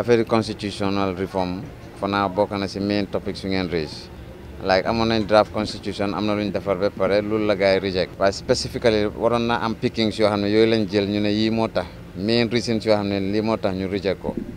affaire constitutional reform fanaa bokk na si main topic su ngeen raise like amoon nañ draft constitution am na lu ñu defar ba pare loolu la gars yi reject waaye specifically waroon naa am pickings yoo xam ne yooyu lañ jël ñu ne yii moo tax main reasons yoo xam ne lii moo tax ñu reject ko